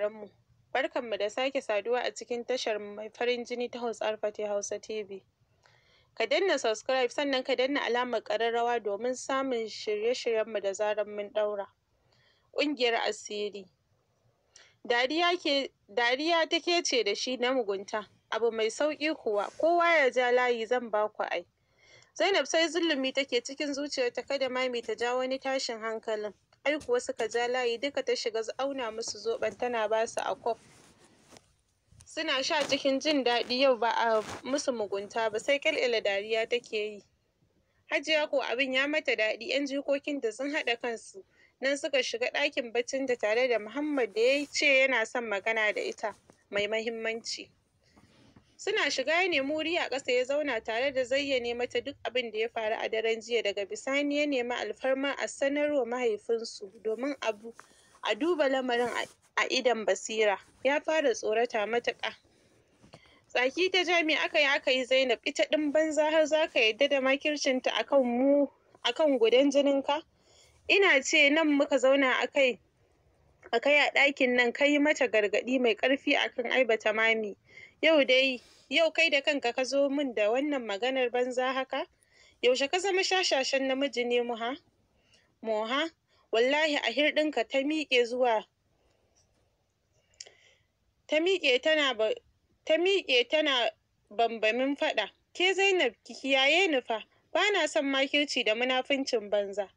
sauraronmu, barkanmu da sake saduwa a cikin tashar mai farin jini ta Hausa Hausa TV. Ka danna subscribe sannan ka danna alamar ƙararrawa domin samun shirye-shiryenmu da zarar mun ɗaura. Ƙungiyar asiri. Dariya take ce da shi na mugunta, abu mai sauƙi kuwa, kowa ya ja layi zan ba ku ai. Zainab sai zulumi take cikin zuciyarta kada ma mami ta ja wani tashin hankalin. ai kuwa suka ja layi duka ta shiga auna musu zoben tana ba su a kof suna sha cikin jin daɗi yau ba a musu mugunta ba sai kyalkyala dariya take yi hajiya ko abin ya mata daɗi yan jikokin da sun haɗa kansu nan suka shiga ɗakin baccin da tare da muhammad da ya ce yana son magana da ita mai mahimmanci Suna shiga ya nemi wuri a ƙasa ya zauna tare da zayyane mata duk abin da ya faru a daren jiya daga bisani ya nemi alfarma a sanarwa mahaifinsu domin abu a duba lamarin a idon basira ya fara tsorata matuƙa. Tsaki ta jami aka yi aka yi Zainab ita ɗin banza har za ka yadda da makircinta akan mu akan gudan jininka? Ina ce nan muka zauna a kai a kai a ɗakin nan ka yi mata gargaɗi mai ƙarfi akan aibata mami Yau dai, yau kai da kanka ka zo min da wannan maganar banza haka? Yaushe ka zama shashashen namiji ne muha? Moha, wallahi a hirɗinka ta miƙe zuwa ta miƙe tana ba ta miƙe tana bambamin faɗa. Ke Zainab ki kiyaye ni fa, ba na son makirci da munafincin banza.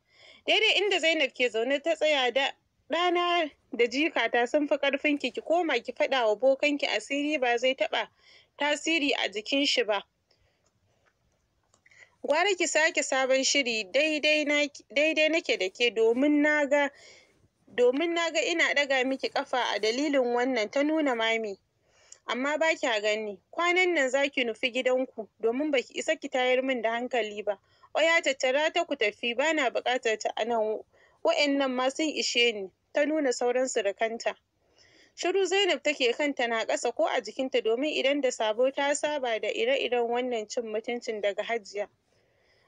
Daidai inda Zainab ke zaune ta tsaya da ɗana da jikata sun fi karfin ki ki koma ki faɗa wa bokan ki asiri ba zai taɓa tasiri a jikin shi ba gwara ki sake sabon shiri daidai nake da ke domin na ga domin na ga ina ɗaga miki ƙafa a dalilin wannan ta nuna mami amma ba kya gani kwanan nan za ki nufi gidanku domin ba ki isa ki tayar min da hankali ba oya tattara ta ku tafi ba na buƙatar ta a nan wa'annan ma sun ishe ni ta nuna sauran surukanta. Shiru Zainab take kanta na ƙasa ko a jikinta domin idan da sabo ta saba da ire-iren wannan cin mutuncin daga hajiya.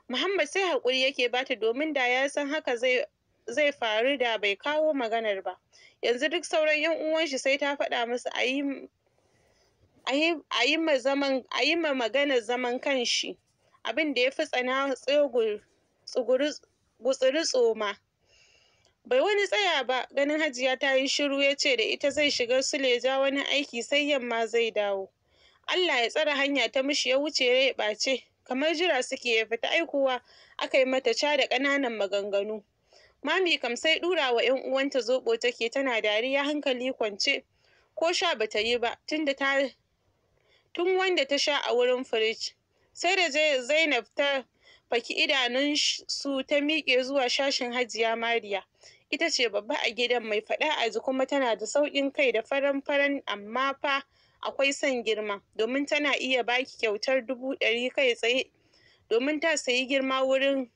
Muhammad sai hakuri yake bata domin da ya san haka zai faru da bai kawo maganar ba. Yanzu duk sauran 'yan uwan shi sai ta faɗa musu a yi ma zaman maganar zaman kanshi abin da ya fi tsana tsuguri tsoma Bai wani tsaya ba, ganin Hajiya ta yi shiru ya ce da ita zai shiga Suleja wani aiki sai yamma zai dawo. Allah ya tsara hanya ta mishi ya wuce ya ɓace, kamar jira suke ya fita aikuwa aka yi mata ca da ƙananan maganganu. Mami kam sai ɗura wa ‘yan uwanta zoɓo take tana dariya hankali kwance, ko sha ba ta yi ba tunda ta tun wanda ta sha a wurin firij. Sai da Zainab ta faki idanun su ta miƙe zuwa sashin hajiya mariya ita ce babba a gidan mai faɗa a ji kuma tana da sauƙin kai da faran faran amma fa akwai son girma domin tana iya baki kyautar dubu ɗari kai tsaye domin ta sayi girma wurin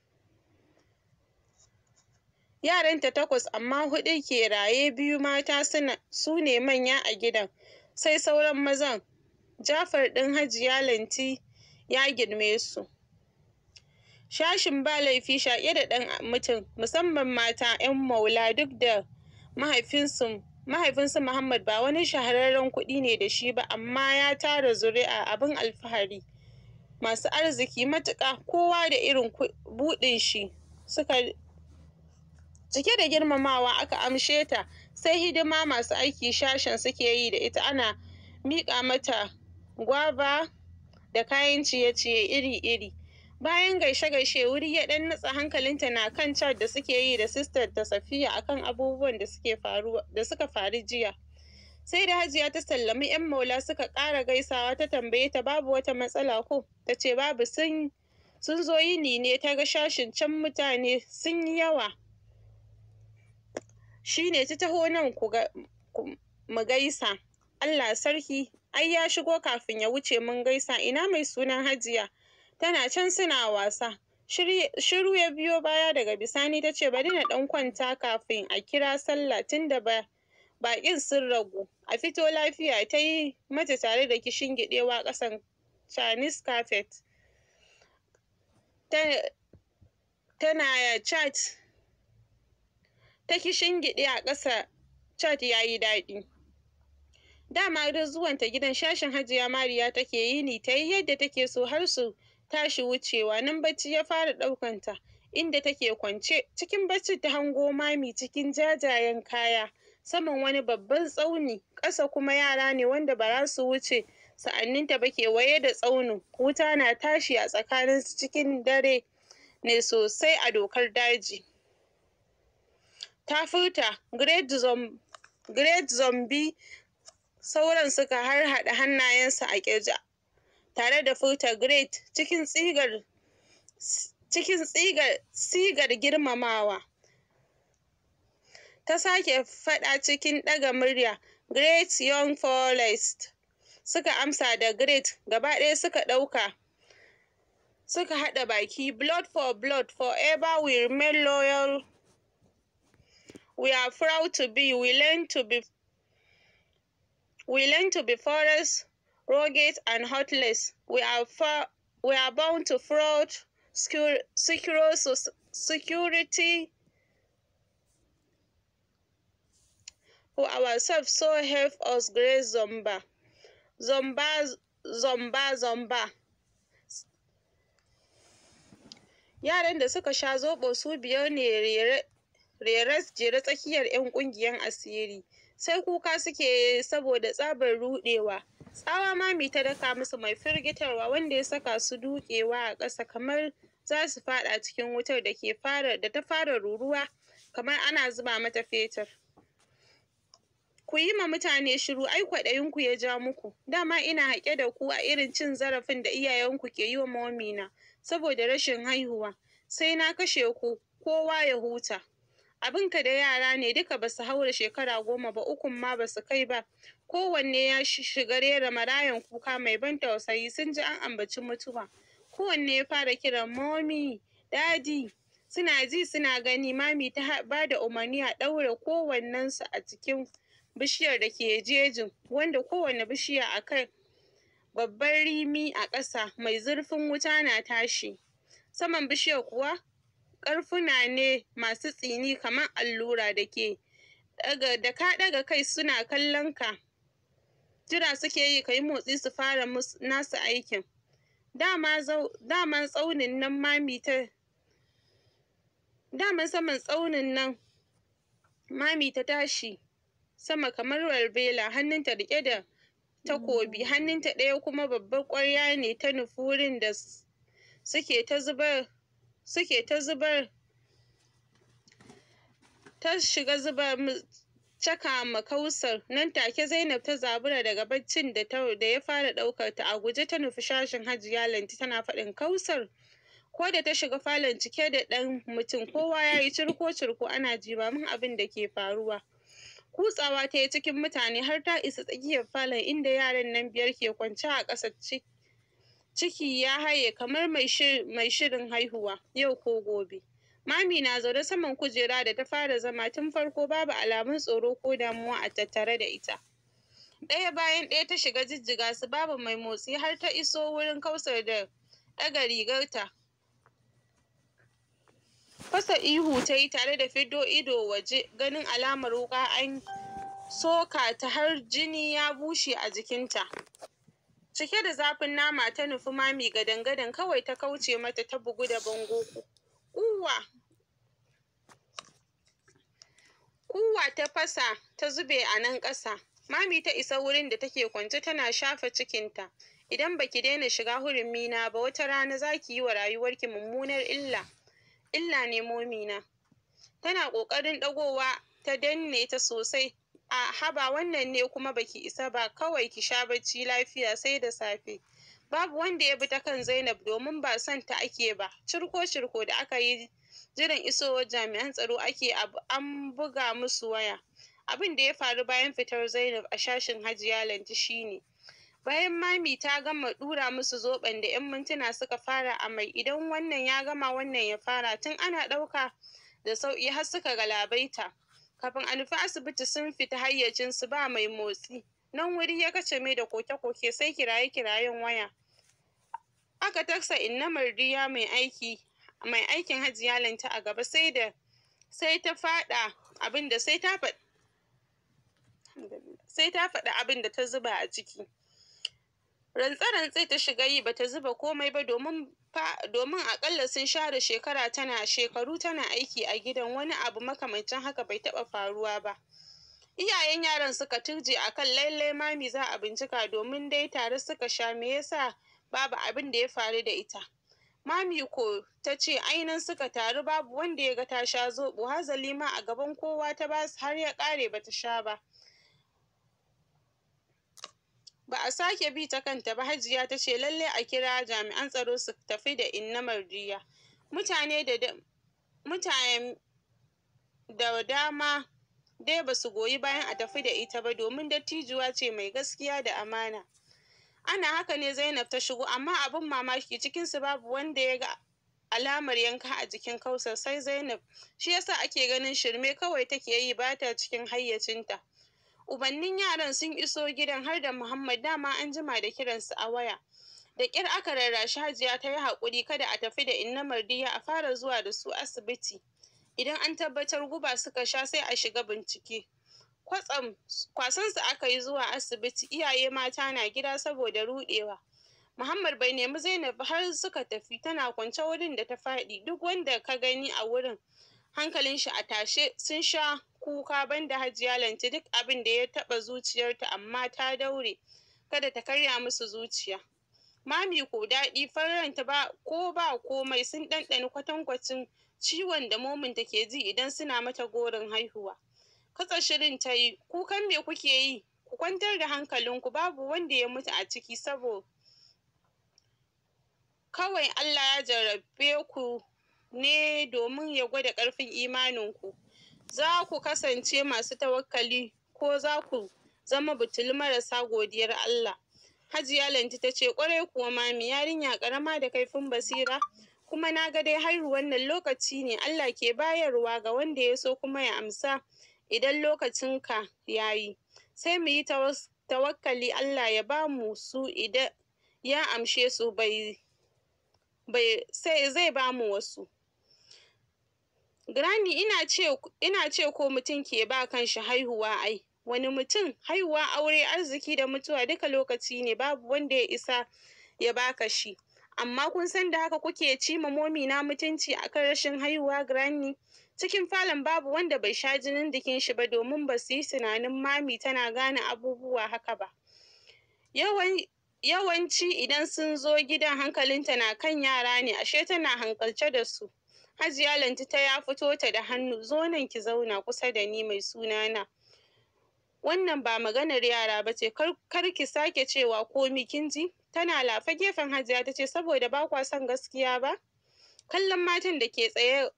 yaranta takwas amma huɗu ke raye biyu mata su ne manya a gidan sai sauran mazan jafar ɗin hajiya lanti ya girme su Sashin ba laifi shaƙe da ɗan mutum, musamman mata 'yan maula duk da mahaifinsu Muhammad ba wani shahararren kuɗi ne da shi ba amma ya tara zuri'a abin alfahari, masu arziki matuƙa, kowa da irin buɗin shi, cike da girmamawa aka amshe ta, sai hidima masu aiki sashen suke yi da ita ana miƙa mata gwaba da kayan ciye-ciye iri-iri. Bayan gaishe-gaishe, wuri ya ɗan nutsa hankalinta na kan chat da suke yi da sistar ta Safiya akan abubuwan da suke faru da suka faru jiya. Sai da Hajiya ta sallami 'yan maula suka ƙara gaisawa ta tambaye ta babu wata matsala ko? Ta ce babu sun sun zo yini ne ta ga shashin can mutane sun yi yawa. Shi ne ta taho nan ku ga mu gaisa. Allah sarki, ai ya shigo kafin ya wuce mun gaisa ina mai sunan Hajiya. tana can suna wasa. Shiru ya biyo baya daga bisani ta ce bari na ɗan kwanta kafin a kira sallah tunda da baƙin sun ragu. A fito lafiya ta yi mata tare da kishin giɗewa ƙasan Chinese carpet. Tana chat ta kishin giɗe a ƙasa chat ya yi daɗi. Dama duk zuwanta gidan shashin Hajiya Mariya take yi ne ta yi yadda take so har su tashi wucewa nan bacci ya fara ɗaukanta inda take kwance cikin bacci ta hango mami cikin jajayen kaya saman wani babban tsauni ƙasa kuma yara ne wanda ba za su wuce sa'anninta ba kewaye da tsaunin wuta na tashi a tsakaninsu cikin dare ne sosai a dokar daji ta furta great zombie sauran suka harhaɗa hannayensu a ƙirja tare da are great cikin tsigar cikin tsigar sigar girmamawa ta sake faɗa cikin ɗaga murya great young forest suka amsa da great gaba ɗaya suka ɗauka suka haɗa baki blood for blood forever we remain loyal we are proud to be we learn to be we learn to be forest rugged, and heartless. We are, far, we are bound to fraud, secure, secure security for ourselves. So help us, grace, Zomba. Zomba, Zomba, Zomba. Yaran da suka sha zoɓo su biyar ne rere jere tsakiyar 'yan ƙungiyar asiri, sai kuka suke saboda tsabar ruɗewa. tsawa mami ta daka musu mai firgitarwa wanda ya saka su dukewa a ƙasa kamar za su faɗa cikin wutar da ke fara da ta fara ruruwa kamar ana zuba mata fetur ku yi ma mutane shiru ai kwaɗayinku ya ja muku dama ina haƙe da ku a irin cin zarafin da iyayenku ke yi wa momina saboda rashin haihuwa sai na kashe ku kowa ya huta abinka da yara ne duka ba su haura shekara goma ba ukun ma ba su kai ba kowanne ya shiga rera marayan kuka mai ban tausayi sun ji an ambaci mutuwa kowanne ya fara kiran momi dadi suna ji suna gani mami ta ba da umarni a ɗaure kowannensu a cikin bishiyar da ke jejin wanda kowane bishiya a kai babbar rimi a ƙasa mai zurfin wuta na tashi saman bishiyar kuwa ƙarfuna ne masu tsini kamar allura da ke da ka kai suna kallon ka jira suke yi ka yi motsi su fara nasu aikin dama tsaunin nan mami ta daman saman tsaunin nan mami ta tashi sama kamar walbela hannunta rike da takobi mm. hannunta ɗaya kuma babbar ƙwarya ne ta nufi wurin da suke ta zubar suke ta zubar ta shiga zuba caka ma Kausar, nan take Zainab ta zabura daga baccin da ta da ya fara ɗaukar ta a guje ta nufi shashin Hajiya Lanti tana faɗin Kausar. Ko da ta shiga falon cike da ɗan mutum kowa ya yi cirko-cirko ana min abin da ke faruwa. Kutsawa ta yi cikin mutane har ta isa tsakiyar falon inda yaran nan biyar ke kwance a ƙasa ciki ya haye kamar mai shirin haihuwa yau ko gobe. Mami na zaune saman kujera da ta fara zama tun farko babu alamun tsoro ko damuwa a tattare da ita. Ɗaya bayan ɗaya ta shiga jijjiga su babu mai motsi har ta iso wurin kausar da ɗaga ta. Fasa ihu ta yi tare da fido ido waje ganin alamar wuƙa an soka ta har jini ya bushe a jikinta. Cike da zafin nama ta nufi mami gadan-gadan kawai ta kauce mata ta bugu da bango kuwa kuwa ta fasa ta zube a nan ƙasa mami ta isa wurin da take kwance tana shafa cikinta idan baki daina shiga hurumi ba wata rana za ki yi wa rayuwarki mummunar illa illa ne momina tana ƙoƙarin ɗagowa ta danne ta sosai a haba wannan ne kuma baki isa ba kawai ki sha bacci lafiya sai da safe babu wanda ya bi ta kan zainab domin ba son ta ake ba cirko cirko da aka yi jiran isowar jami'an tsaro ake an buga musu waya abin da ya faru bayan fitar zainab a shashin hajiya lanti shine bayan mami ta gama dura musu zoben da 'yan mintuna suka fara a mai idan wannan ya gama wannan ya fara tun ana ɗauka da sauƙi har suka galabaita kafin a nufi asibiti sun fita hayyacinsu ba mai motsi nan wuri ya kace mai da koke-koke sai kiraye-kirayen waya aka taksa inna mardiya mai aiki mai aikin hajiya lanta a gaba sai da sai ta faɗa abinda sai ta faɗa sai ta faɗi abin da ta zuba a ciki rantse-rantse ta shiga yi bata zuba komai ba domin domin akalla sun share shekara tana shekaru tana aiki a gidan wani abu makamancin haka bai taɓa faruwa ba iyayen yaran suka turje akan lallai mami za a bincika domin dai tare suka sha me yasa babu abin da ya faru da ita mami ko ta ce ainihin suka taru babu wanda ya ga ta sha zobo hazali ma a gaban kowa ta ba har ya kare ta sha ba ba a sake bi ta kanta ba hajiya ta ce lallai a kira jami'an tsaro su tafi da inna jiya. mutane da mutane da dama dai ba su goyi bayan a tafi da ita ba domin dattijuwa ce mai gaskiya da amana ana haka ne zainab ta shigo amma abin mamaki cikinsu babu wanda ya ga alamar yanka a jikin kausar sai zainab shi yasa ake ganin shirme kawai take yi ba ta cikin hayyacinta ubannin yaran sun iso gidan har da muhammad dama an jima da kiransu a waya da ƙyar aka rarrashi hajiya ta yi haƙuri kada a tafi da inna mardiya a fara zuwa da su asibiti idan an tabbatar guba suka sha sai a shiga bincike kwatsam kwasansa aka yi zuwa asibiti iyaye mata na gida saboda rudewa muhammad bai nemi zainab har suka tafi tana kwance wurin da ta faɗi duk wanda ka gani a wurin hankalin shi a tashe sun sha kuka banda hajiya lanti duk abin da ya taɓa zuciyarta amma ta daure kada ta karya musu zuciya mami ko daɗi ta ba ko ba komai sun ɗanɗani kwatankwacin ciwon da momin take ji idan suna mata gorin haihuwa Katsa shirin ta yi, kukan me kuke yi? Ku kwantar da hankalinku babu wanda ya mutu a ciki sabo. Kawai Allah ya jarrabe ku ne domin ya gwada ƙarfin imaninku. Za ku kasance masu tawakkali ko za ku zama butulu marasa godiyar Allah. Hajiya Lanti ta ce kwarai kuwa mami yarinya ƙarama da kaifin basira kuma na ga dai har wannan lokaci ne Allah ke bayarwa ga wanda ya so kuma ya amsa idan lokacinka ya yi sai mu yi tawakkali Allah ya ba mu su idan ya amshe su bai sai zai ba mu wasu Granny ina ce ko mutum ke ba kanshi haihuwa ai wani mutum haihuwa aure arziki da mutuwa duka lokaci ne babu wanda ya isa ya baka shi amma kun san da haka kuke ci ma momi mutunci akan rashin haihuwa granny Cikin falon babu wanda bai sha jinin jikin shi ba domin ba su yi tunanin Mami tana gane abubuwa haka ba. Yawanci idan sun zo gidan hankalinta na kan yara ne, ashe tana hankalce da su. Hajiya Lanti ta ya fito ta da hannu, zo nan ki zauna kusa da ni mai sunana. Wannan ba maganar yara ba ce, kar ki sake cewa komi kin ji? Tana lafa gefen Hajiya ta ce, saboda ba kwa son gaskiya ba? Kallon matan da ke tsaye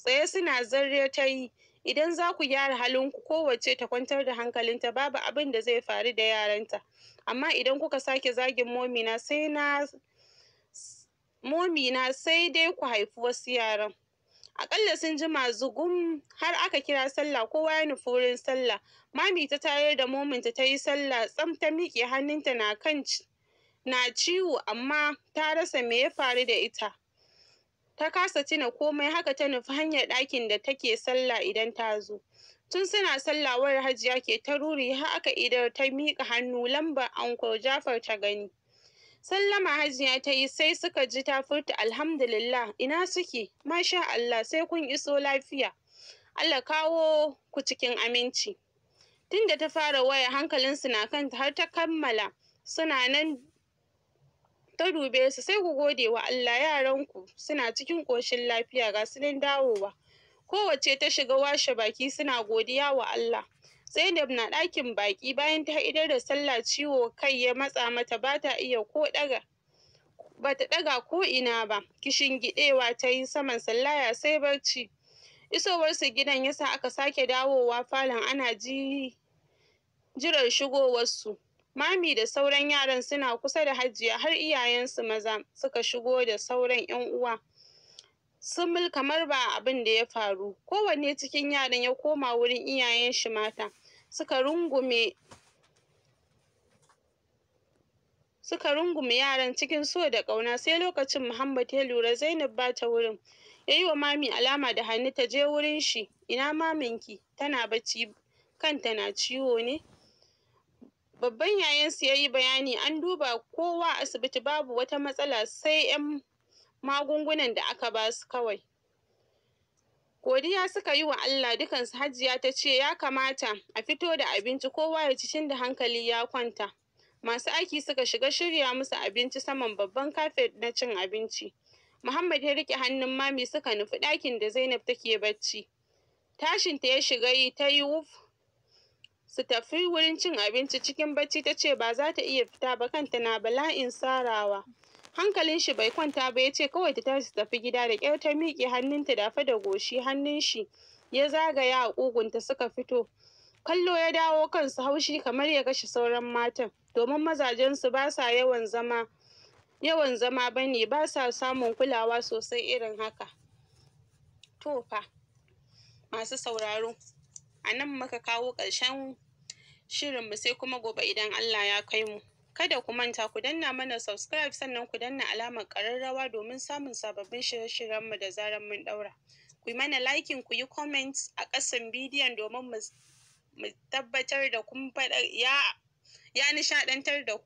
tsaye suna zarre ta yi idan za ku gyara halinku kowace ta kwantar da hankalinta babu abin da zai faru da yaranta amma idan kuka sake zagin momina sai na momina sai dai ku haifi wasu yaran akalla sun jima zugum har aka kira sallah kowa ya nufi wurin sallah mami ta tayar da mominta ta yi sallah tsam ta miƙe hannunta na kan na ciwo amma ta rasa me ya faru da ita ta kasa tuna komai haka ta nufi hanyar ɗakin da take sallah idan ta zo tun suna sallawar hajiya ke ta ruri haka aka idar ta miƙa hannu lambar anko jafar ta gani sallama hajiya ta yi sai suka ji ta furta alhamdulillah ina suke masha allah sai kun iso lafiya allah kawo ku cikin aminci tunda ta fara waya hankalinsu na kanta har ta kammala suna nan ta dube su sai ku gode wa Allah yaran ku suna cikin ƙoshin lafiya ga su nan dawowa kowace ta shiga washe baki suna godiya wa Allah Zainab na ɗakin baki bayan ta idar da sallah ciwo kai ya matsa mata ba ta iya ko ɗaga ba ta ɗaga ko ina ba kishin giɗewa ta yi saman sallaya sai barci isowarsu gidan yasa aka sake dawowa falon ana ji jiran shigowarsu Mami da sauran yaran suna kusa da Hajiya har iyayensu maza suka shigo da sauran 'yan uwa. mil kamar ba abin da ya faru. Kowanne cikin yaran ya koma wurin iyayen shi mata. Suka rungume suka rungume yaran cikin so da ƙauna sai lokacin Muhammad ya lura Zainab ba ta wurin. Ya yi wa mami alama da hannu ta je wurin shi. Ina maminki? Tana bacci kanta na ciwo ne? Babban yayansu ya yi bayani an duba kowa asibiti babu wata matsala sai 'yan magungunan da aka ba su kawai. Godiya suka yi wa Allah dukansu hajiya ta ce ya kamata a fito da abinci kowa ya ci tun da hankali ya kwanta. Masu aiki suka shiga shirya musu abinci saman babban kafet na cin abinci. Muhammad ya rike hannun mami suka nufi ɗakin da Zainab take bacci. Tashinta ya shiga yi ta yi wuf su tafi wurin cin abinci cikin bacci ta ce ba za ta iya fita ba kanta na bala'in sarawa hankalin shi bai kwanta ba ya ce kawai ta tashi tafi gida da kyau ta miƙe hannunta dafa da goshi hannun shi ya zagaya a ƙugunta suka fito kallo ya dawo kansu haushi kamar ya kashe sauran matan domin mazajen su ba sa yawan zama yawan zama ba ne ba sa samun kulawa sosai irin haka to fa masu sauraro a nan muka kawo ƙarshen shirinmu sai kuma gobe idan Allah ya kai mu. Kada ku manta ku danna mana subscribe sannan ku danna alamar ƙararrawa domin samun sababbin shirye-shiryenmu da zarar mun ɗaura. Ku mana likin, ku yi comments a ƙasan bidiyon domin mu tabbatar da kun faɗa ya nishaɗantar da ku.